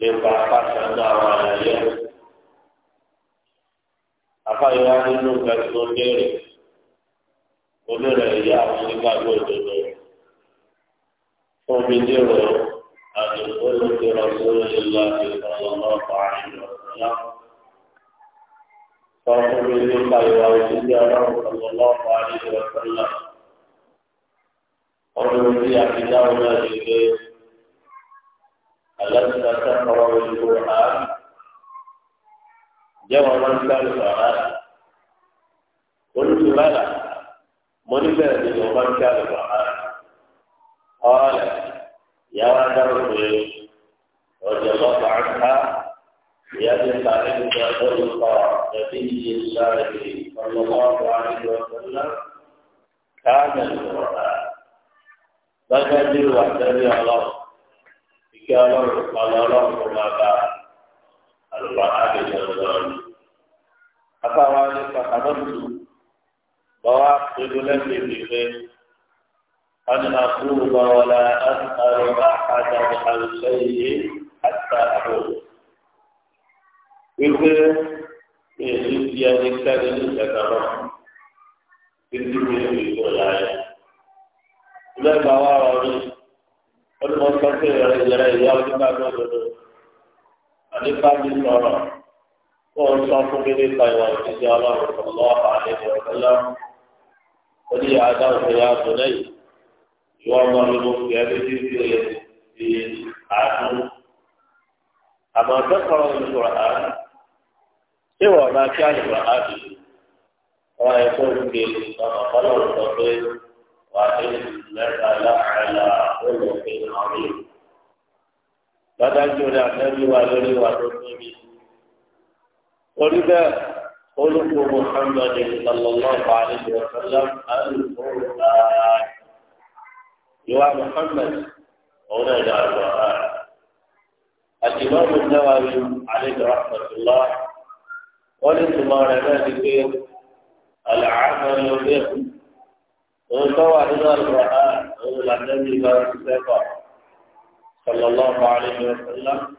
nípa pàṣẹ àwọn àlàyé afáyọwá nínú gbàgbọ́ léèrè olórí ìyá àwọn onígbàgbọ́ òdodo omi dèrò àdìgbò lókè ọ̀sọ́rọ̀ ìlú àti ìfọ̀lọ́lọ́ ọ̀pọ̀-àrìn ọ̀sọ́lá sọ́kùn mi nípa ìwà òṣìṣẹ́ ọlọ́run ọ̀pọ̀lọ́ ọ̀pọ̀-àrìn ọ̀sọ́lá ọdún tí a dáhùn náà ṣe ألست تقرأ القرآن جوابا كالقرآن قلت بلى من بلد ومن كالقرآن قال يا دربي رضي الله عنها بأبي سعيد الخلق نبي الشافعي صلى الله عليه وسلم كان القرآن فكثير وحده الله kí ọlọ́run kọlọ ọlọ́run kò máa bá àlùbá àgbẹ̀jọ ọlọ́run. afáwa nípa àdọ́tù bọ́wá pẹ̀lú lẹ́sẹ̀ ìgbẹ́ ọdún àkúrò bọ́wọ́lá ọ̀rọ̀ bá àjà àlùsọ iye àti àbúrò. wípé èyí ti ẹni kẹ́rin ní ìjẹta náà títí mi ò lè gbọ́ láyé. ilé ìgbà wa rọrùn olùkọ́ sọ pé ìrẹ̀ ìrẹ̀ ìyá onígbà lódodo àdìpá mi sọ̀rọ̀ kó o sọ fún mi nípa ìwà òṣìṣẹ́ ọlọ́run sọ̀lọ́ àlejò ọ̀sẹ́lọ́ ó ní àdá òṣèlú àtò lẹ́yìn ìwọ ọmọ mi mo fi ẹbí tí ti lè fi àánú àmọ́ akẹ́kọ̀ọ́ ìṣòro àánú ṣé wọ́n máa kí àyùbá àbí ọ̀rọ̀ ẹ̀kọ́ òkè ọ̀nà ọlọ́run وإنك لعلى خلق عظيم فذكر النبي ولي وتسلمي ولذا خلق محمد صلى الله عليه وسلم القرآن يوع محمد هنا جاء القرآن الإمام النووي عليه رحمة الله ولثم على ذلك العمل به وانتوى إلى القرآن na النبي صلى الله عليه وسلم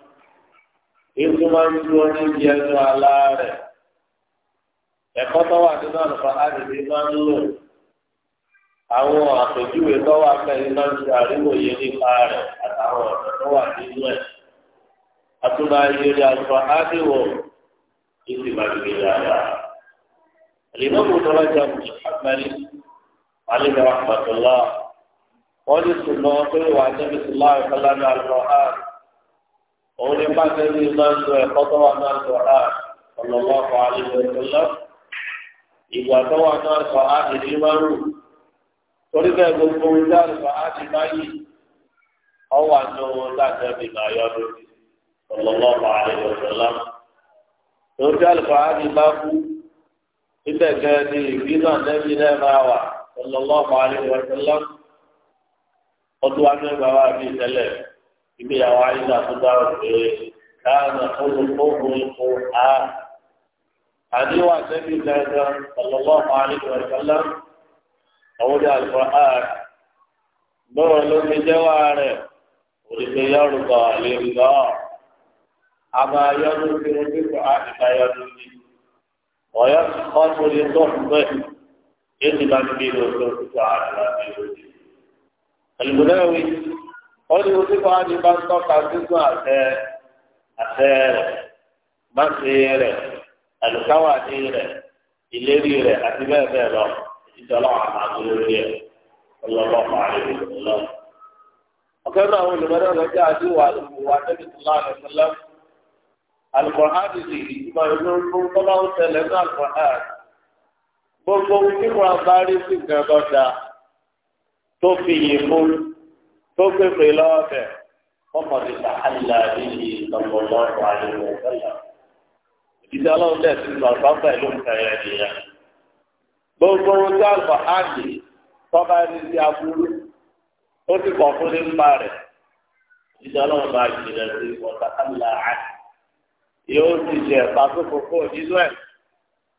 إنتما يقولون جيزوا على ẹ̀kọ́ tó wà nínú àlùfáà àdìdì máa ń lò àwọn àpèjúwe tó wà pẹ̀lú máa ń عليه رحمة الله ولس المواطن وعجب الله فلنا القرآن ولما الذي نزل خطوة القرآن صلى الله عليه وسلم ìgbà tó wà náà sọ áàdì ní márùn torí bẹ́ẹ̀ gbogbo ìdá sọ áàdì báyìí ọwà náà láti ẹbí náà yọdú ọlọlọpàá àdìgbòsọlá lórí àlùfáà áàdì bá kú ìtẹ̀kẹ́ ni ìbínú ànẹ́bí náà máa wà. صلى الله عليه وسلم قدوة البواب سلام إبي عائشة تدار كان خلقه القرآن حديث النبي صلى الله عليه وسلم قول القرآن نور لون جواره ولكيار قال أما ينظر في القرآن لا ينظر ويسخط لصحبه يجب بين وصوفك على بيوتي المناوي قال يوصف عن من تقع جزء أثار أثار مصير الكواتير إليرير أتباع بيضا إجلاء عن عدوية صلى الله عليه وسلم وكان أول مرة رجع جوا النبي صلى الله عليه وسلم القرآن في ما يقول الله تعالى القرآن gbogbo tí wọn bá rí sí nǹkan tó da tó fi yìí fún tó pépè lọ́wọ́ bẹ̀ ọkọ̀ ti ta àlìlà níbi ìtọ́gbọ̀gbọ̀ àyẹ̀wò ìfẹ́lẹ̀. ìdílé ọlọ́run dẹ̀ ti sọ àgbà pẹ̀lú ìkẹyẹ nìyẹn. gbogbo tí àgbà áàdì tọ́ba ní ti aburú ó ti kọ̀ fún nípa rẹ̀. ìdílé ọlọ́run bá jìnnà sí ọ̀tá àlìlà àti yóò ti jẹ̀ pàṣẹ fòfò nínú ẹ̀.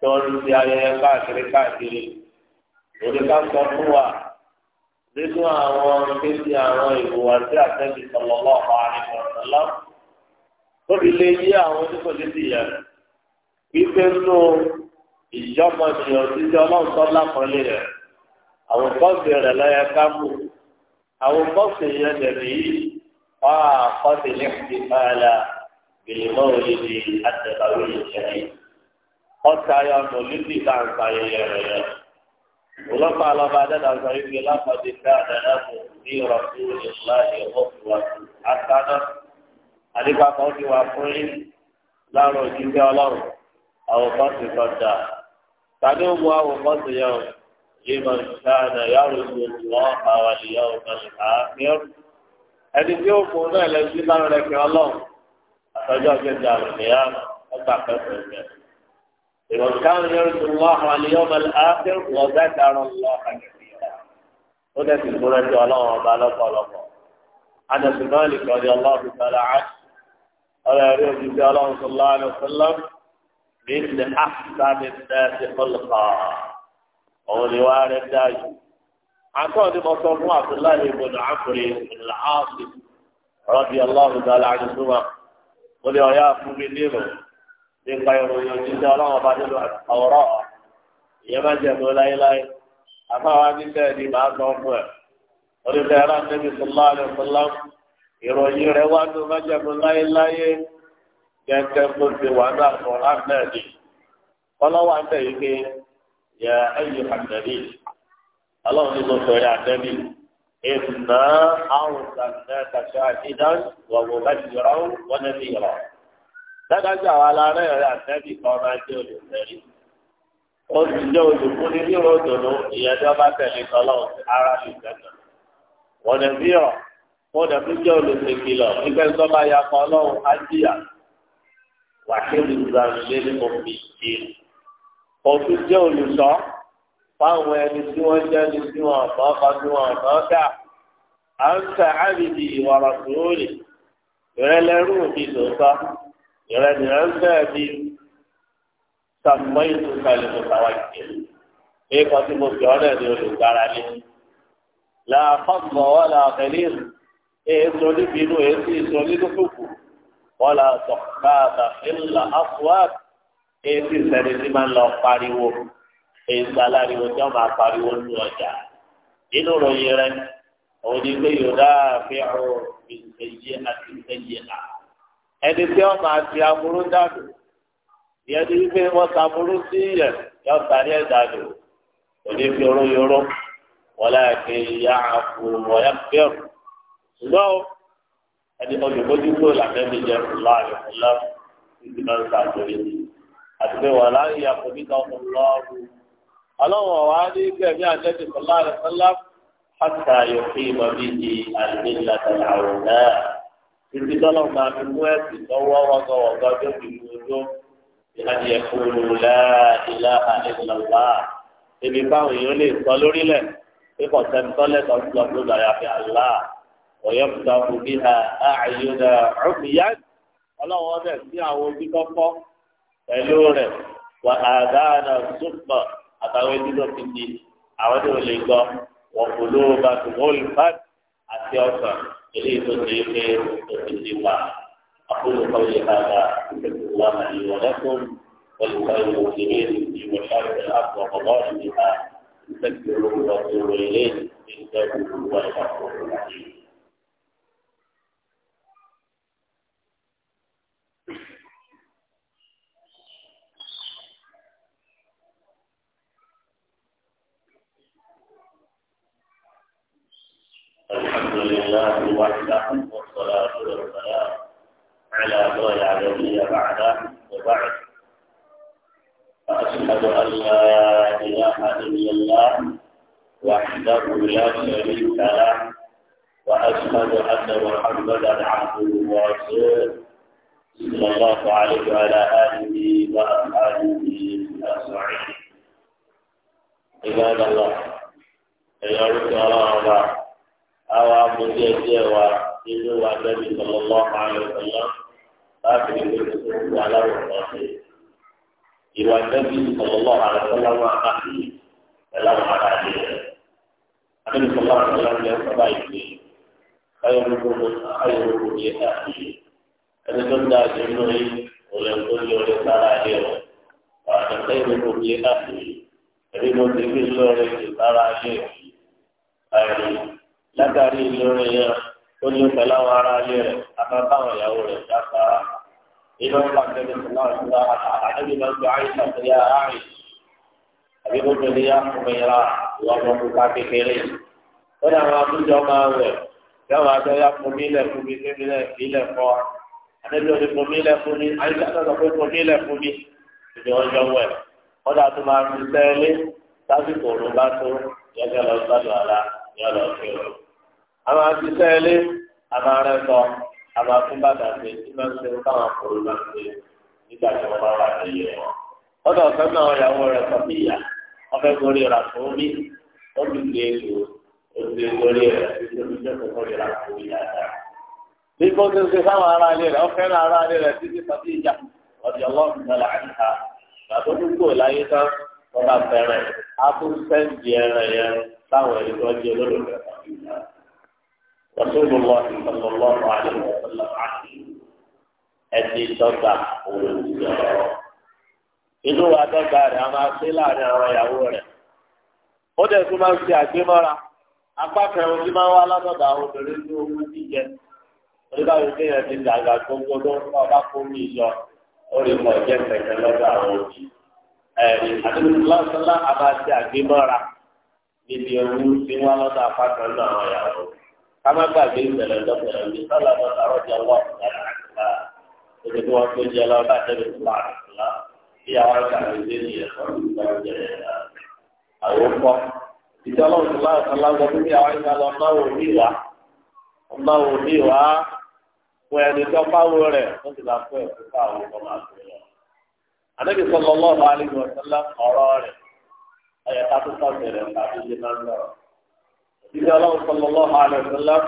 tí wọ́n ti ṣe ayẹyẹ káàkiri káàkiri òde ká sọ fún wa nínú àwọn kéde àwọn ìwòwà tí àtẹ́bí sọ̀rọ̀ lọ́ọ̀pá àríwọ̀sọ̀lá ó fi lè yí àwọn oníkòtí ti yẹ wípé nínú ìjọmọ̀nìyàn títí ọlọ́ọ̀tọ́ lápọ̀lé rẹ̀ àwọn bọ́ọ̀sì rẹ̀ lọ́yẹ ká mú àwọn bọ́ọ̀sì yẹn dẹ̀rẹ̀ yìí wá àkọ́sílẹ̀ ti fàlà bìlìmọ́ òye di àtẹ̀báwé ìṣẹ̀lẹ̀ yìí. Ọ mọlẹbi ya yẹyẹrẹyẹ ọlọpàá lọba dada sọ wípé lápàdé ká dada kù ní ìrọsí ìlà ìrọsí wàtí àtàná àdìpapọ̀ ti wà fún yín láàrọ̀ òjijì ọlọ́run àwòkọ́ ti kọjá tàbí ó mú ti yẹ o ìmọ̀ ẹni tí ó fún náà kí kejì ọgbà لمن كان يرجو الله واليوم الآخر وذكر الله كثيرا هذا في سورة الله وبارك الله أنس مالك رضي الله تعالى عنه قال يا رب الله صلى الله عليه وسلم من أحسن الناس خلقا قول وارد داجي عطاء المصطفى عبد الله بن عمرو بن العاص رضي الله تعالى عنهما قل يا يا قوم nípa ìròyìn òjijì ọlọ́wọ́ bá nílò ọ̀rọ̀ ìyẹn má jẹ̀ mọ́ láéláé àfáwa níbẹ̀ ni màá sọ fún ẹ̀ onífẹ́ ara níbi sọlá rẹ̀ sọlá ìròyìn rẹ̀ wá ló má jẹ̀ mọ́ láéláé gẹ́gẹ́ bó ti wà ní àkọ́rá náà ọlọ́wọ́ àtẹ̀ yìí pé yẹ ẹyẹ àtẹ̀lé ọlọ́run ní mo sọ yẹ àtẹ̀lé ìnà àrùn sàmìnà kàṣà ìdán wọ̀wọ̀ bá ti rọ̀ wọ́n ní dádájọ́ àwọn alárẹ̀ rẹ̀ àtẹ́bí kan máa jẹ́ olùsẹ̀rí ó sì jẹ́ olùkúni ní ròdòdó ìyẹn tí wọ́n bá tẹ̀lé tọ́lọ́ ara lè tẹ̀lé wọ́n lè fi hàn wọ́n lè fi jẹ́ olùsèkìlọ̀ nígbà tí wọ́n bá ya kan ọlọ́run á jìyà wàhíìlì ìzàmìlé ní omi ìjì òfin jẹ́ olùsọ́ fáwọn ẹni tí wọ́n jẹ́ ní tí wọ́n kàn kọ́ tí wọ́n kàn dà à ń tẹ àbìdì ìwà rẹ̀ sóòlì ìrẹ́lẹ́rù mi lòótọ́ ìrẹ́ ni ẹ̀ ń bẹ́ẹ̀ bí sàmúmọ́yì tó kalẹ̀ tó tàwa jẹ èyí kan tí mo fi ọ̀rẹ́ ni olùgbára lé làákọ́gbọ̀n wọn là ọ̀tẹ̀lẹ́ èyí sọ níbi inú èyí sì sọ nínú kùkù wọn là sọ̀kà àtàfẹ́lá afuwák èyí sì sẹ́ni tí máa ń lọ pariwo èyí sọ tí wọ́n máa pariwo ní ọjà nínú ròyìn rẹ òun ni pé yóò dáa fi hàn ìṣèyí àti ìṣèyí à ẹni tí wọn máa fi aburú dànù ìyẹn ti wípé wọn sàbúrú sí yẹ yọ sàrí ẹ dànù òní fi oró yoró wọlé àti ìyá àfùrù wọlé bẹ̀rù ṣùgbọ́n ẹni olùbójútó làbẹ́bí jẹ fúlá rẹ fúlá títí máa ń sàbúrú yìí àti pé wàhálà ìyá kò ní kan fún lọ́ọ̀rù ọlọ́wọ̀n wa ní gbẹ̀mí àtẹ́tì fúlá rẹ fúlá hàtà yòókì mọ́bí di ibi tọ́lọ̀ máa fi mú ẹ̀sìn lọ́wọ́ wọ́gọ́wọ́gọ́ tó fi mú ojú ìhàjì ẹ̀kọ́ olùlàdìlà àdìlọ́lá ibi báwọn èèyàn lè sọ lórílẹ̀ pípọ̀ sẹ́ńtọ́lẹ̀ tó ti lọ gbọdọ̀ àyàfi àlá ọ̀yọ́ fúta fún bí ha àyùdà ọ̀fìyá ọlọ́wọ́ bẹ̀ sí àwọn ojú kọ́kọ́ pẹ̀lú rẹ̀ wà àdáàdà súpọ̀ àtàwọn ojú tó fi di àwọn tó lè gbọ́ wọ̀ kò ló الجمعة أقول قولي هذا أستغفر الله لي ولكم ولسائر المسلمين في مشارق الأرض ومظالمها استغفروه وأتوبوا إليه إنه هو الغفور الرحيم الحمد لله وحده والصلاة والسلام على ما العالمين بعده وبعد أشهد أن لا إله إلا الله وحده لا شريك له وأشهد أن محمدا عبده ورسوله صلى الله عليه وعلى آله وأصحابه أجمعين عباد الله يا رب الله àwọn amòdì ẹgbẹ́ wa nínú wa lẹ́bi sọlọ́lọ́ àlọ́ sọlọ́ láti ní kó tó kú aláwọ̀ náà ṣe. ìwà lẹ́bi sọlọ́lọ́ àlọ́ sọlọ́ wa àti ẹ̀láwọ̀ ara rẹ̀ rẹ̀. àbẹ̀ni sọlọ́ àlọ́ sọlọ́ ń lẹ́ sọ́ba ìgbé ayọ̀ gbogbo ayọ̀ gbogbo yẹ káàkiri. ẹni tó ń da àjẹ́ nínú yìí òlẹ̀ tó ń yọrí sára rẹ̀ rọ̀ àtẹ̀tẹ̀ gbogbo yẹ káàkiri. ẹni tó ti fi lọ́ọ̀rẹ́ látàrí ìlórí yẹn ó ní pẹ̀lú àwọn ará ilé rẹ̀ àtàtàwọn ìyàwó rẹ̀ dáfara ìlú ńlá tẹ̀lé sọláwọ́ ìlú àtàlẹ́bí máa ń gba àyíṣà tó yá àárín àbí kó tẹ̀lé yá fún mi ra ìwà ọmọkùnká kékeré ó ní àwọn àtúnjọ máa wẹ̀ yóò máa tẹ́ yá fún mi lẹ̀ fún mi fún mi lẹ̀ fún mi lẹ̀ fún wa àtẹ́bí òní fún mi lẹ̀ fún mi àyíṣà tó sọ pé fún mi lẹ̀ fún mi ìdí ọjọ́ wẹ̀ ó dà tó máa fi sẹ́lé lásìkò òru bá tó yẹ ama àtisẹ́ ilé àwọn arẹ sọ àwọn akúndàdà ṣe tí wọ́n ṣe táwọn kòrò náà ṣe nígbà tí wọ́n bá wà níyẹ wọn. ọ̀dọ̀ ọ̀fẹ́ náà ìyàwó rẹ̀ sọ fún ìyá ọ̀fẹ́ gorí rà fún mi ó ti gbé ètò e òṣèlú e gorí rẹ̀ títí tó gorí rà fún ìyá dá. bí kò tó ṣe sáwọn ará ilé náà ará ilé sọ ọlọ́run náà gbàtó láyé tán bá yẹn رسول الله صلى الله عليه وسلم عني ẹni dọ́gba olùdíje ọ̀rọ̀ inú rẹ̀ a máa ṣe láàrin àwọn ìyàwó rẹ̀ ó dẹ̀ tún máa ń ṣe àgbémọ́ra apá kẹrin tí máa ń wá látọ̀dọ̀ àwọn obìnrin ní owó jíjẹ ti dàgbà tó ń mi ó lè mọ̀ jẹ́ pẹ̀lẹ́ lọ́dọ̀ àwọn òbí àdúgbò lọ́sọ́lá a máa ṣe àgbémọ́ra níbi owó kama gbàgbé ìṣẹ̀lẹ̀ lọ́sẹ̀rẹ̀ ní sọ́lá bá àròjọ wà lára àkùnà òde tí wọ́n tó jẹ lọ bá tẹ̀lé ìlà àkùnà bí àwọn àkàrà ìdí ni ẹ̀kọ́ ìgbà ọ̀jẹ̀ àwòkọ́. ìjọlọ́ ìṣọlá ìṣọlá sọ fún mi àwọn ìṣọlá ọmọ wò mí wá ọmọ wò mí wá fún ẹni tó fáwọn rẹ̀ wọ́n ti bá fún ẹ̀kú fáwọn ọmọ máa fi lọ. àdébí sọlọ lọ́ọ̀bù alẹ́ إذا الله صلى الله عليه وسلم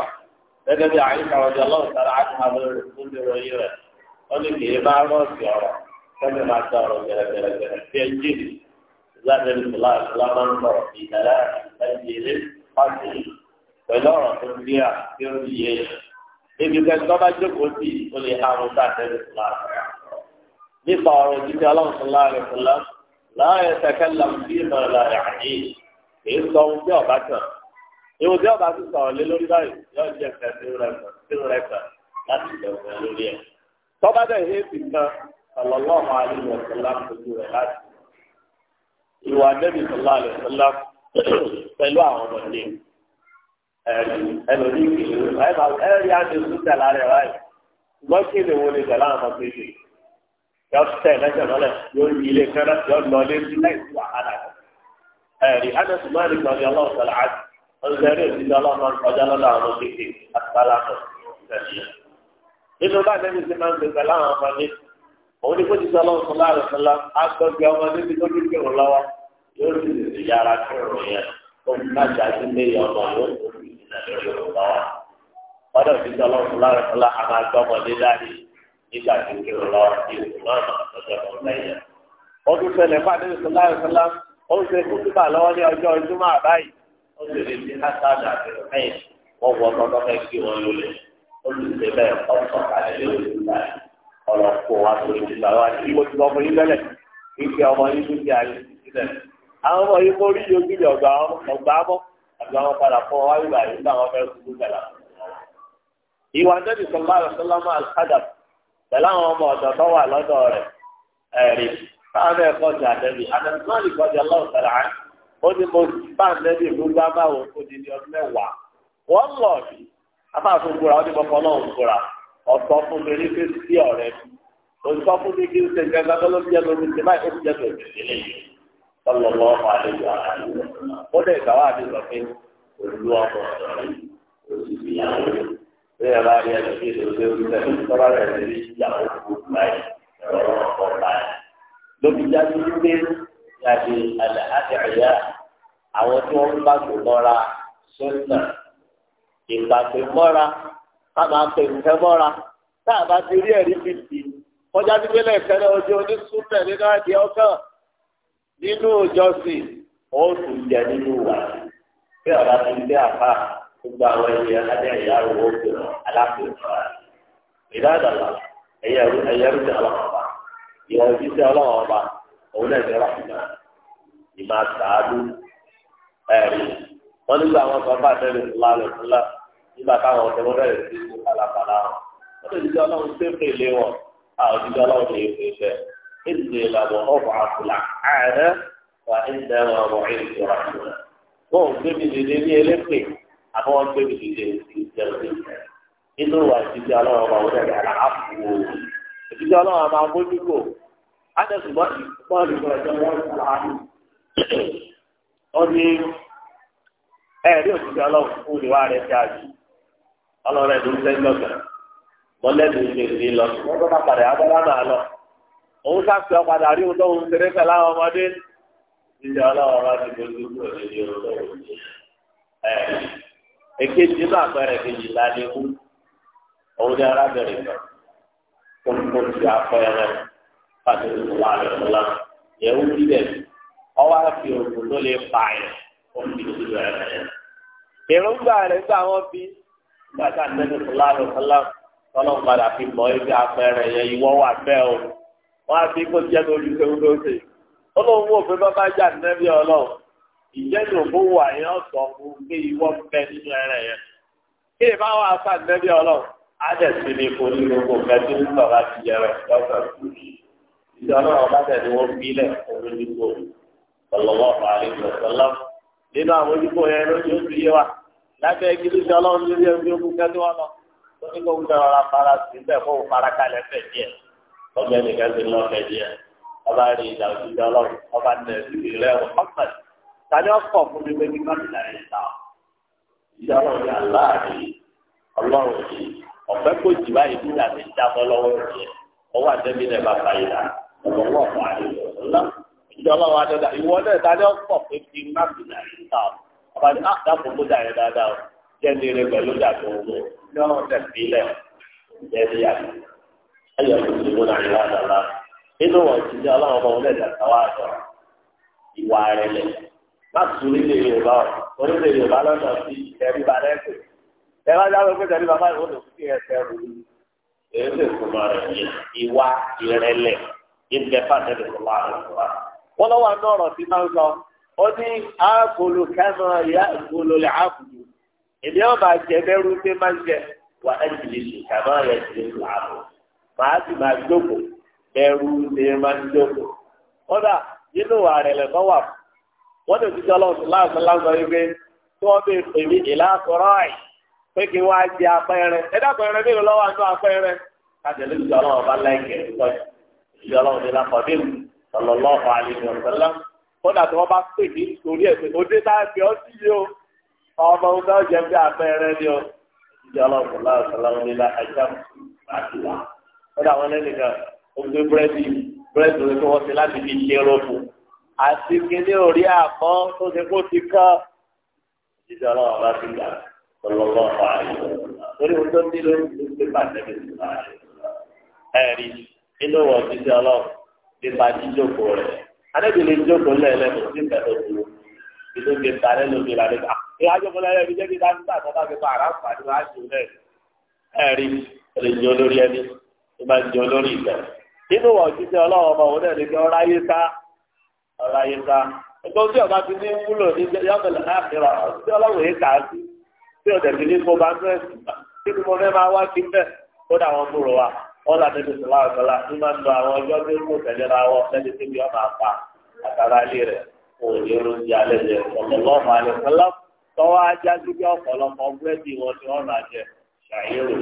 لقد عائشة رضي الله تعالى عنها بالرسول الرئيرة قال لي إيه ما رأسي أرى كما ما صار في الجن زاد الله الله أنظر في ثلاث مسجد قتل ولو تنبيع في رجيه إذا كان كما جبتي قل حارو تحت الله nípa ọ̀rọ̀ jíjẹ́ aláwọ̀sọ̀lá rẹ̀ fúnlá láàyè tẹ́kẹ́lá fíìmọ̀ láàyè àdéhìí kì í sọ ohun tí ọ̀bá tàn ìwọ tí ọba ti sọ̀rọ̀ lé lórí báyìí yóò jẹ ẹsẹ̀ sínú rẹpẹ láti jẹun lórí ẹ ti gbogbo láti ìwà débi pẹ̀lú àwọn ọmọdé ẹlòmí àti kí ni wọlé àwọn ọmọdé olùdarí òsìsẹ́ ọlọ́run ọjà lọ́dọ̀ àwọn kéèké àtàlàkọ̀ ìgbàlẹ̀. nínú bá nẹ́bí sí máa ń gbèsè láwọn ọmọdé òun ni kó ti sọ ọlọ́run sọlá rẹ̀ sọlá agbègbè ọmọdé ti tóbi kí òun lọ́wọ́ yóò sì sì yára kí òun yẹn kó má jáde lé ọmọ yóò tó fi ìdílé lórí òun lọ́wọ́. ọ̀dọ̀ ti sọ ọlọ́run sọlá rẹ̀ sọlá a máa gbọ́ ọmọdé dáadé nígbà tí kí òun lọ́wọ́ sọlá rẹ̀ sọlá ó ń ó sì lè fi hasad àti kí kó wa tó gbà wá sí ibo tí ọmọ yín àyè àwọn ọmọ yín àti àwọn padà nígbà wọn ìwà ó ní mo bá nẹ́bí ìlú bá bá òun di ní ọdún mẹ́wàá wọ́n lọ bí afáàfin gbòòrà ó ní mo fọlọ́ òun gbòòrà ọ̀sọ́ fún mi ní pé sí ọ̀rẹ́ mi òsùpá fún mi kí n ṣe gẹ́gẹ́ tó ló ń jẹ́ lórí ṣe báyìí ó ti jẹ́ tó ìṣẹ̀lẹ̀ yìí lọ́lọ́lọ́ ọmọ àlejò ara rẹ̀ ó dẹ̀ ìgbàwá àti sọ pé olú ọmọ ọ̀dọ́ rẹ̀ ìyàwó rẹ̀ bá rí ẹni tí èdè òde orí rẹ̀ àwọn tí wọn bá tó mọ́ra sọnà ìgbàgbé mọ́ra káma pè nfẹ mọ́ra tá a bá ti rí ẹ̀rí fi tì kọjá nígbélé ìfẹlẹ ojú onísúnà nínú àdìẹ ọkàn nínú ìjọsìn ó tún jẹ nínú wà bí ọba ti ń àpá gbogbo àwọn ẹyẹ alẹ ìyá owó kìlọ alákòókò ìdádàlà ẹyẹ ẹyẹ rúdà ọba ìwọ ojúṣe òun náà rà ẹ̀rí wọ́n nígbà àwọn sọ bá tẹ́lẹ̀ ńlá rẹ̀ ńlá nígbà táwọn ọ̀tẹ̀ wọ́n bẹ̀rẹ̀ sí kó kálàkálà wọn lè dídá ọlọ́run ṣé pè lé wọn a ò dídá ọlọ́run lè pè fẹ́ ọ̀bọ̀ àfúlà ààrẹ wà gbé ní àbọ̀ wọn gbé inú wa Ọ ní ẹ̀rí òṣìṣẹ́ ọlọ́run fún ìwà ti àjù ọlọ́run ẹ̀dùn sẹ́yìn lọ́gàn mọ́lẹ́dùn ṣe lọ wọ́n tó bá padà náà lọ òun sáfì ọ̀padà rí òun lóhun àwọn ọmọdé ti kúrò lórí òun kejì kú òun ní arábìnrin kó kó ti pàtó ìwà ọwọ́ àfi òògùn ló lè pa ẹ̀ ó fi ìlú rẹ̀ rẹ̀. èròǹgbà rẹ̀ gbà wọ́n fi gbàgbà nẹ́nu fúláàrù fúláàrù tọ́lọ́ padà fi mọ ibi apẹ̀rẹ̀ yẹn ìwọ́ wà bẹ́ẹ̀ o wọ́n á fi kó jẹ́ lórí ṣe wúlò ṣe ó lóun wò pé bàbá jà nẹ́bí ọlọ́run ìjẹ́nu fún wà yẹn sọ fún pé ìwọ́ bẹ nínú ẹ̀rẹ̀ yẹn kí ìbá wà sá nẹ́bí ọlọ́run á dẹ̀ sí ni kò ní gbogbo nǹkan tí ń sọ̀rọ̀ àti yẹrẹ lọ́sọ̀rọ̀ ìjọ náà tẹ̀ ni wọ́n fi lẹ̀ òun ní gbòòrò sallallahu alaihi nínú àwọn ojúbọ yẹn ló ti yé wa lábẹ́ igi ọlọ́run lórí ẹgbẹ́ ogun kẹ́tí wọn lọ tó ní kó ń bẹ ọ̀rá fara sí bẹ́ẹ̀ kó ń fara kalẹ̀ fẹ̀ díẹ̀ ọgbẹ́ nìkan ti lọ fẹ̀ díẹ̀ ọba rí ìjà òṣìṣẹ́ ọlọ́run ọba nà ìrírí rẹ̀ ọ̀pẹ̀ tani ọkọ̀ fún mi pé kí má ti ọlọ́run yà láàrin ọlọ́run yìí ọ̀fẹ́ jì ọlọ́run adọ́dà ìwọ náà ìtajà pọ̀ pé kí n má fi náà ta ọ ọba ní àdàpọ̀ kó dà yẹn dáadáa o jẹ́ni rẹ pẹ̀lú owó ní ọ̀rọ̀ lẹ̀ jẹ́ni ayọ̀ mú náà inú wọn ti ọlọ́run ọmọ ìwà rẹ lẹ̀ má nílé yorùbá o onílé yorùbá wọ́n lọ́wọ́ àná ọ̀rọ̀ sí máa ń sọ ó ní kẹ́mọ̀ ìyá èmi ọba pé máa ń jẹ wà á ti lè máa jókòó máa ń jókòó. kódà nínú wà tí wọ́n ìlà jẹ apẹ́rẹ́ ẹ lọ́wọ́ sallallahu alaihi wasallam kódà tí wọ́n bá pè ní torí ẹ̀ pé òde tá a fi ọ́ sí yìí o ọmọ ọgbà ọ̀jẹ̀ bí abẹ́rẹ́ ni o ìjà ọlọ́run láti sàlámù nílá ajá láti wá kódà wọn lẹ́nu kan ó gbé búrẹ́dì búrẹ́dì tó wọ́n ti láti fi ṣe rọ́ọ̀bù àti kíní orí àmọ́ tó ṣe kó ti kán ìjà ọlọ́run láti gbà sọlọ́lọ́ ààyè torí ohun tó nílò ló gbé pàṣẹ mi sí ààyè ẹ̀rí nínú wọ̀ nípa jíjókòó rẹ̀ anábì lè jókòó lẹ́ẹ̀lẹ́nu sí ìfẹ́lẹ́ òkúrò ìlú ti parẹ́ lómi ìlànà ìgbà ìwà jókòó lẹ́ẹ̀lẹ́ fi jẹ́ kí dáńtà àtọ́ká fi pa àràpà ní wàá jù lẹ́ẹ̀ ẹ̀rí lè jẹ́ olórí ẹni tó máa jẹ́ olórí ìgbà nínú wọ̀ jíjẹ́ ọlọ́wọ́ ọmọ òun náà ní kí ọ̀rá yé ká ọ̀rá yé ká ẹgbẹ́ tí ọba ti ní wúlò ní yọ́mọ̀lẹ̀ náà rà ọ̀sẹ̀ ọlọ́wọ́ yé kà á sí tí ọ̀dẹ̀ fi ní kó bá ń bẹ̀rẹ̀ sí kọ́lá tẹ́tẹ́ sọ̀rọ̀ àgbàlá ní máa ń lo àwọn ọjọ́ tó kù tẹ̀lé ra wọ lẹ́ni tó bí ọ máa pa àtàrà ilé rẹ̀ kò ní oúnjẹ alẹ́ jẹ ọ̀pọ̀lọpọ̀ alẹ́ fọlá tọ́wọ́ ajá sí bí ọ̀pọ̀lọpọ̀ búrẹ́dì wọn tí wọ́n máa jẹ ṣàyẹ̀wò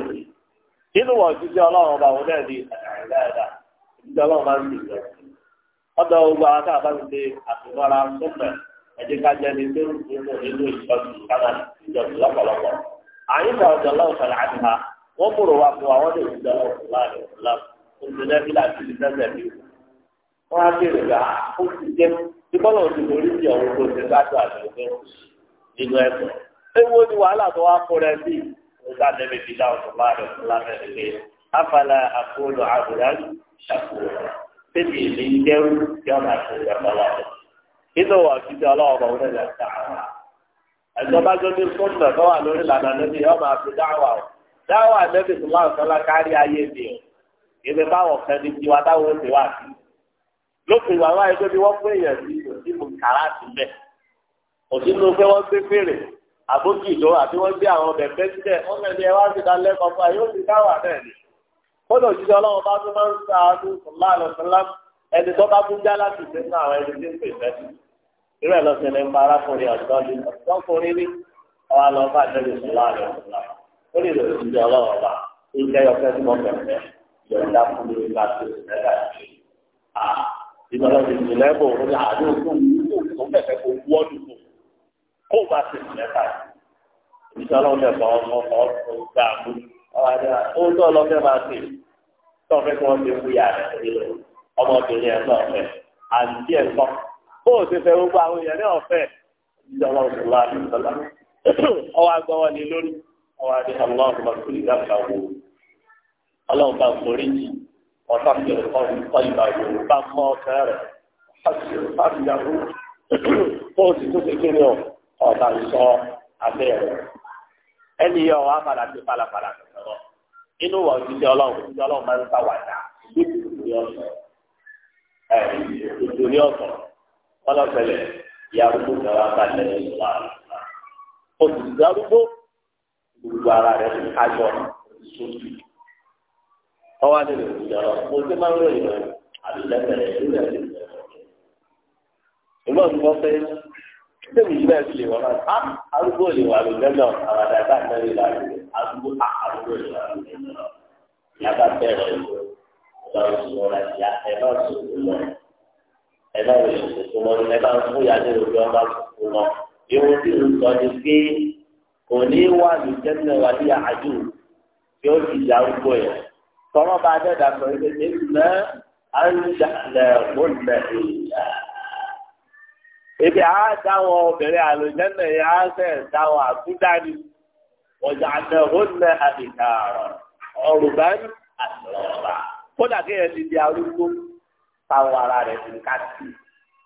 nínú wọn jíjẹ ọlọ́run ọba òun náà ní àdáyàdá jíjẹ ọlọ́run máa ń bì jẹ ọ̀dọ̀ gbogbo àwọn tá a bá ti ṣe àtúnwárá sọpẹ ẹjẹ ká jẹ ní tó ń kú nínú ìṣọjú kánáà ìjọba lọ́pọ̀lọpọ̀ àyíká ọjọ́ lọ́wọ́ sọlá àdìhà wọ́n múrò wá fún àwọn lè fi láàrin ọ̀la olùdókòwò láti fi sẹ́sẹ̀ bí wọ́n á bèrè rà ah, ó ti jẹ́ bí bọ́lá lórí ti ọ̀hún tó ti dájọ́ àtẹ̀wé nínú ẹ̀kọ́ ewu ni wàhálà tó wá kó rẹ bí ọ̀sá lẹ́bi fi dáná láàrin ọ̀la mẹ́rin pé afala àkóòlù àbúrá ṣàkóòlù bébì ìlú ìdẹ́rù tí dáwọ àdẹ́bí tó máa sọ lákárí ayé mi o ìbí báwọn kan ní tiwa táwọn òsè wà sí lópin ìwà wáyé pé bí wọ́n pé èèyàn sí kò sí mò ń kàrá sí bẹ́ẹ̀ kò sí ló pé wọ́n gbé fèrè àbójì ìdó àbí wọ́n gbé àwọn ọbẹ̀ pẹ́ sílẹ̀ wọ́n mẹ́rin ẹ wá sí ta lẹ́kọ̀ọ́ fún ayé òsì dáwọ àdẹ́bí kódà òjijì ọlọ́run bá tún máa ń sa àdúrà sọ̀lá àlọ́sọ̀lá ẹni tó bá ó lè lọ sí ìdí ọlọ́wọ́ ọba ìgbà yọkẹ́ tí wọ́n bẹ̀rẹ̀ yọ̀ǹda fún mi nípa tó ti mẹ́ta yìí. à ti ti lẹ́bọ̀ ó ní àádọ́ tó tó ń bẹ̀rẹ̀ kó wọ́ lùkù kó bá ti ti mẹ́ta yìí. ìdí ọlọ́wọ́ ọba ọmọ ọkọ̀ gbà mú ohun tó ọlọ́fẹ́ máa ṣe tó kí wọ́n ti fún ìyá ọmọbìnrin ẹ̀ lọ́fẹ́ àǹtí ẹ̀ bó o ti fẹ́ gbogbo wọn wá ní ọlọ́run bá kúrò ìdáàbò wo ọlọ́run bá forí jì wọn bá fi ọrùn kọ́ ìgbà wo bá mọ́ ọkẹ rẹ̀ bá fi yàgò kó o sì tún fi kéré ọ ọ̀tà sọ abẹ́ rẹ̀ ẹni yọ wá padà sí palapala lọ inú wà òjijì ọlọ́run òjijì ọlọ́run máa ń arúgbó gbogbo ara rẹ̀ ti kájọ sókè ọwọ́ adé lè fi ọ̀rọ̀ mo ti máa ń rẹ̀ àlùlẹ́bẹ̀rẹ̀ ìlúlẹ̀ ti rẹ̀ ìgbọ́n mi kọ́ pé sẹ́mi yìí bẹ́ẹ̀ ti lè wọ́n náà arúgbó lè wà lùlẹ́bẹ̀ àwọn àdàgbà mẹ́rin là arúgbó arúgbó lè wà lùlẹ́bẹ̀ yàtọ̀ bẹ̀rẹ̀ lọ́wọ́ sọ̀rọ̀ yà ẹ̀ náà sọ̀rọ̀ lọ ẹ̀ náà lè sọ̀rọ̀ lọ ẹ̀ náà fún yàtọ̀ lọ́wọ́ sọ̀rọ̀ lọ ìwọ́n ti ń òní wà ní jẹ́nà wà ní àjò tí ó ti yà arúgbó yẹn tọ́rọ bá dẹ́dà sọ ilé ní mẹ́ àńjàlẹ̀ múlẹ̀ ìyá. Ibi àá dáwọn obìnrin àlùjẹ́nà yẹn á fẹ́ dáwọn àkúdání ọjà àlẹ̀ múlẹ̀ àdìgbà ọ̀rùbá àtọ̀rọ̀bà. Kódà kí yẹn di arúgbó táwọn ara rẹ̀ ti ká sí,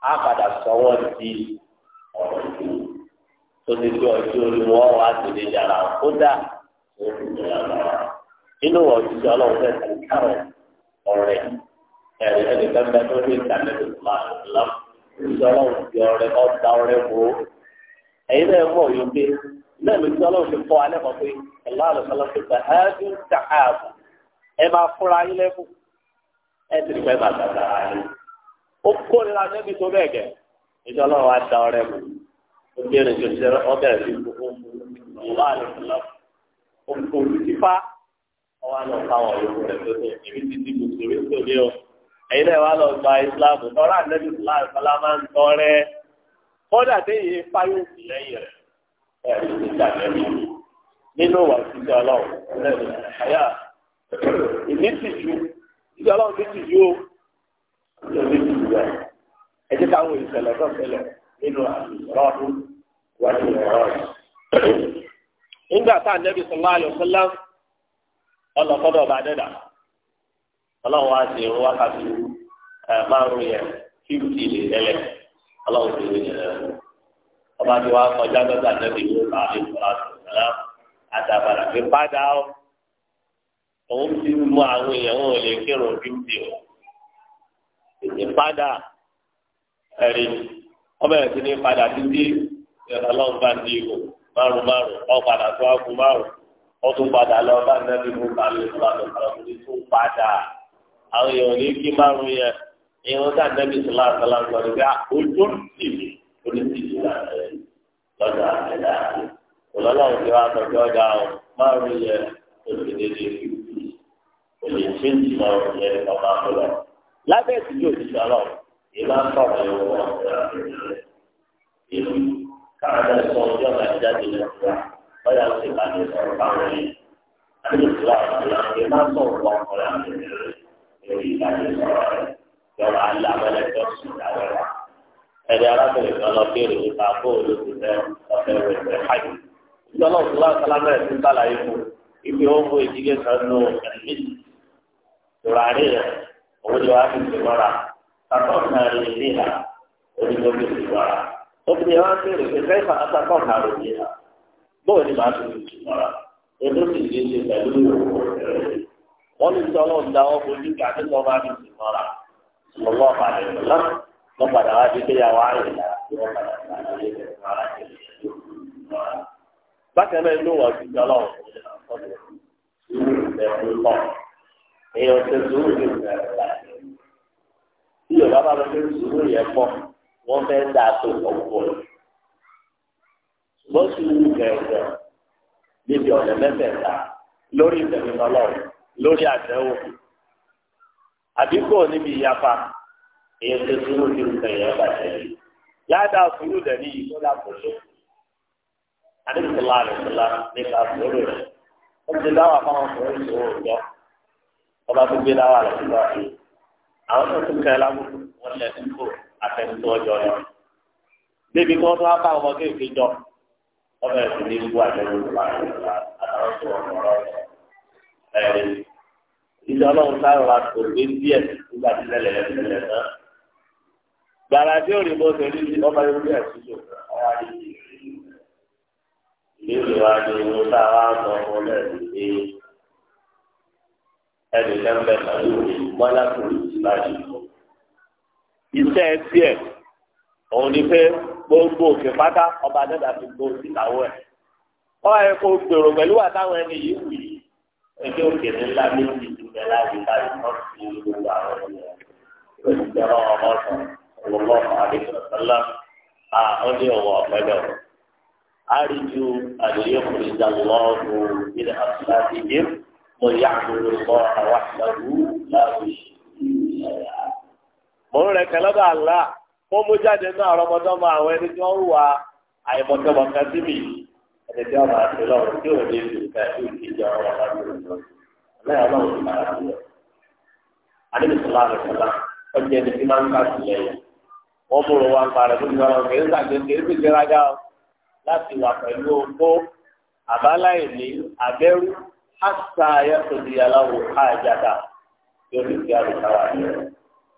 á padà sọ wọ́n di ọ̀rọ̀ ìlú tó ti tó ọjọ́ orí wọn wá sí ilé yàrá kódà inú ọ̀jíṣẹ́ ọlọ́run fẹ́ ti kárọ̀ ọ̀rẹ́ ẹ̀rí ẹni kẹ́kẹ́ tó ní ìdánilẹ́bí máa lọ ìṣẹ́ ọlọ́run fi ọ̀rẹ́ ọ̀dà ọ̀rẹ́ wo ẹ̀yin náà mọ̀ yóò gbé náà ló ṣe ọlọ́run fi kọ́ alẹ́ kan pé ẹ̀lá àlùfáà fi gbà ẹ́ bí ń ta ààbò ẹ máa fúnra yín lẹ́kùn ẹ ti pẹ́ bàtà dára yín ó kórira níbi tó bẹ́ẹ̀ gẹ̀ ìṣẹ́ ọlọ́run á da ọ̀rẹ́ mọ̀ obìnrin tó ṣe ọbẹ̀ rí gbogbo ọba àlùfọlọ òkú olùdífá ọwọ́ àlọ́ fáwọn yòókù rẹ̀ tó tó ibi títí mùsùlùmí tó ní o ẹ̀yin náà wà lọ gba ìsìláàmù tọ́lá àdébí ìsìláàmù fọlá máa ń tọrẹ kódà déyìí fáyọ̀ sí lẹ́yìn rẹ̀ ẹ̀ ló ti dàgbẹ́ mi nínú wà síjọ ọlọ́run lẹ́nu àyà ìní tìjú síjọ ọlọ́run ti tìjú o ẹ jẹ́ káwọn ìṣẹ̀lẹ̀ tó ṣẹlẹ̀ nínú àlùsọ̀rọ̀ wájú ọ̀rọ̀ nígbà tá ànábì sallallahu alaihi wasallam ọlọ́kọ́dọ̀ ọba dẹ́dà ọlọ́run wá sí irun wákàtí márùn yẹn lè ọlọ́run ti ọba tí wàá kọjá lọ́dọ̀ yóò bá àtàbàrà fi padà ó òun ti mú àwọn èèyàn lè kírun ọbẹ̀ rẹ̀ ti ní padà títí ọlọ́run bá di ìwò márùn márùn ọ padà tó ákú márùn ó padà lọ bá nẹ́bí mú kálí ìsìlámù kálí tún padà àwọn èèyàn ní kí márùn yẹn èèyàn dá nẹ́bí ìsìlámù kálí sọ nígbà ah, ojú sì mí oníṣìṣì làárẹ̀ lọ́dọ̀ àgbẹ̀dá ọlọ́run ti wá sọ pé ọjà márùn yẹn olùdíje fífi olùdíje ìmọ̀ ìmọ̀ sọ̀rọ̀ yóò wọ̀ ìlú káàdà sọ ọjọ́ náà jáde lẹ́sẹ̀ ọ̀yà sì bá ní sọ̀rọ̀ báwọn yìí àti ìtura ìtura ìmọ̀ sọ̀rọ̀ wọn kọ̀ọ̀yà lórí ìdájọ́ sọ̀rọ̀ rẹ̀ yọ̀rọ̀ alámọ̀lẹ́jọ́ sùn dáwẹ́ wa. ẹ̀rẹ́ arábìnrin kan lọ béèrè nípa bóòlù ti fẹ́ ọ̀fẹ́ rẹ̀ fẹ́ háyì. ìjọba òṣùwà sálámẹ̀ أطعنا رجليها ولنبي الزوارة ابن يوانسير كيف أتقرنا رجليها بول ما تقول الزوارة ابن سيدي سيدي wọ́n lè sọ ọlọ́run dáwọ́ fojú kí àtẹ́sọ bá ní ìmọ̀ra lọ́wọ́ àpàdé lọ́wọ́ lọ́ padà wá di pé yàwó ààrẹ là tí wọ́n padà sí àlàyé ìmọ̀ra bákan náà inú wà sí ọlọ́run ìlú ìbẹ̀rù lọ yorùbá bá lọ sí sùúrù yẹn pọ̀ wọ́n fẹ́ dà tó ọ̀pọ̀ rẹ̀ ṣùgbọ́n sùúrù gẹ̀ẹ́gẹ́ níbi ọ̀nà mẹ́fẹ̀ẹ̀ta lórí ìtẹ̀mínà lọ́rùn lórí àtẹ̀wò àdínkù níbi ìyapa èyí ti sùúrù ti ń tẹ̀yẹ̀ bàtẹ̀ yìí yáda sùúrù dẹ̀ ní ìlú làkòóso àdínkùlá àdínkùlá nípa sùúrù rẹ̀ ó ti dáwà fáwọn ọkùnrin sùúrù jọ ọba tó gbé dáwà rẹ̀ síbáyé àwọn tó tún kẹ́ lábùkù wọ́n lẹ̀ sí kò àtẹnudọ́ ọjọ́ lọ. débi kí wọ́n tún wá bá ọmọ kéèké jọ ọmọ ẹ̀sìn ní ìlú àjẹwò ìgbà àtàwọn tó wọn lọ ẹ̀rí. ìjọ ọlọ́run sáré wa kò gbé díẹ̀ nígbà tí lẹ́lẹ̀ lẹ́lẹ̀ náà. gbàrà tí òrì mo ṣe rí ọmọ ẹ̀rú ẹ̀ sí ìlú ìlú wa ni mo bá wa sọ ọmọ náà ní ẹnì kan bẹ pẹ̀lú ìmọ̀lákùnrin ìbáṣepọ̀ iṣẹ́ tí ẹ̀ òun ni pé gbogbo òkè pátá ọba dẹ́dà ti gbó síkàwọ́ ẹ̀ ọ́ ẹ kò gbèrò pẹ̀lú àtàwọn ẹni yìí wù yìí ẹgbẹ́ òkèrè ńlá méjì ti bẹ̀ láti báyìí wọ́n ti gbogbo àwọn ọmọ yẹn lórí ìjọba ọmọ ọ̀sán ọ̀wọ́ àdéhùn ọ̀sánlá àwọn ní ọ̀wọ́ ọ̀pẹ́dẹ̀ ọ̀rọ̀ àríjú àdéhùn ọ̀pẹ́dẹ̀ ìjàlọ́ọ̀dù ilẹ̀ àtúntà ti dé mo yà kúrò lọ́ àwọn àṣàlù láàrú ìṣẹ̀lẹ̀ mò ń rẹ̀ kẹlẹ́dọ̀ àlá mo mú jáde ní ẹni tí wọ́n wà àìmọ̀tẹ́mọ̀tẹ́ sí mi ẹni tí wọ́n máa ṣe lọ́wọ́ tí ò ní ìlú ìta ìlú ìkejì ọ̀rọ̀ ọ̀la ní ìlú ọlọ́run ti máa lọ. rẹ̀ ọjọ́ ẹni tí máa ń lẹ́yìn wọ́n wá ń parẹ́ fún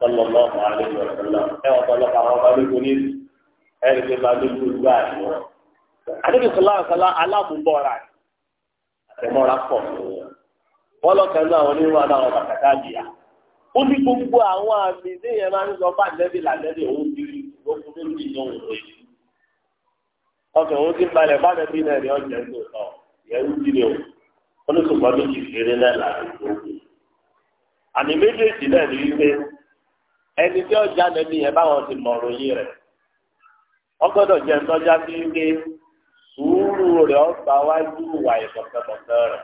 sọlọ́lọ́ àlejò ọ̀sọ́lọ́ ẹ ọ̀pọ̀lọpọ̀ àwọn ọba lóko ní ẹ̀rí pé máa lóko ìlú àìmọ́. àdébí sọlá àṣàlá aláàbùbọ̀ra àtẹ̀mọ́ra pọ̀ wọ́n lọ́kàn náà àwọn onírúurú adáwọn bàtàkà bìyà. ó ní gbogbo àwọn àmì ní ìyẹn máa ń sọ fún àdébí làdébí òun ti rí gbogbo lórí ìdánwò rẹ̀. ọkàn òun ti balẹ̀ bá bẹ́ẹ̀ bí náà ní ọjà ń lò ìyẹn ń ẹni tí ọjà nẹbi yẹn báwọn ti mọ ròyìn rẹ ọgbọ́dọ̀ jẹ ntọjá sí sùúrù rẹ ọgbà wájú wà ìtọkẹtọkẹ rẹ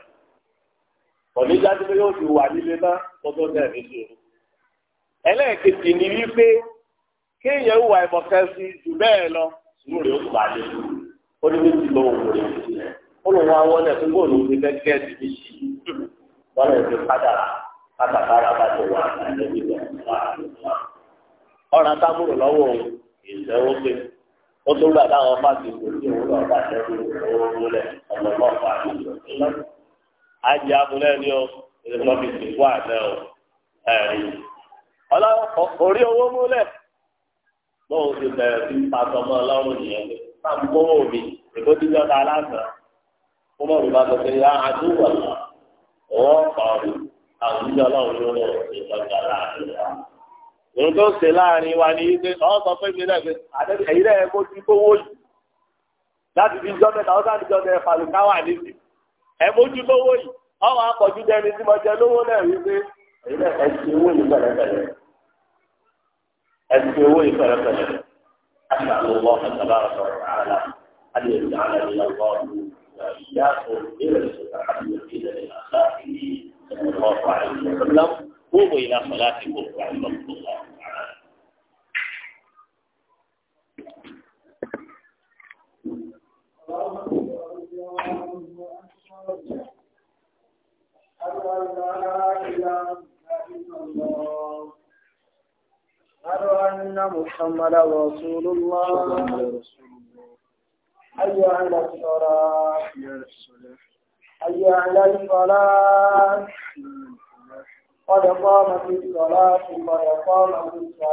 onídjáde pé yóò ti wà nílé náà kó tẹ̀ ní sùúrù ẹlẹ́ẹ̀kejì ni wípé kéèyàn wà ìmọ̀kẹ́ sí jù bẹ́ẹ̀ lọ sùúrù rẹ gbà lé ó ní bíi lọ òwò rẹ ó lọ wọn àwọn ẹ̀sìn kó lóun ti fẹ́ sí wọn lè fi padà kátàkárà bá wà ní ọ̀ràn tábùrù lọ́wọ́ ìṣẹ́wó ó tó gbà táwọn fáàkì kò sí òun náà bá tẹ́kù owó múlẹ̀ ọmọ náà fà á nílò. ajé amúlẹ̀ ni ó lọ́bi sì wà náà ó ẹ̀rí. orí owó múlẹ̀ bóun ti bẹ̀rẹ̀ sí pàtọ́mọ ọlọ́run nìyẹn máa ń gbówó mi èkó dídí ọ̀tá aláǹtàn. ó mọ̀ rúbá sọ pé yá àdúgbò ọ̀la ọ̀wọ́ ọ̀pá àwùjọ ọlọ́run ló lọ èyí tó ṣe láàrin wa ni pé ọ sọ náà pé àtẹ́tẹ́ ẹ̀yìn náà kó ti kówó yìí láti fi jọ́ mẹ́ta ọ̀sán àti jọ́ mẹ́ta fàlùkáwà níbi yìí ọ̀wọ́ àpọ̀jù dẹni tí mo jẹ lówó náà rí pé ti قوموا إلى صلاتكم رحمكم الله تعالى أشهد أن محمدا رسول الله حي على الصلاة حي على الفلاح قد قامت الصلاة قد قامت الصلاة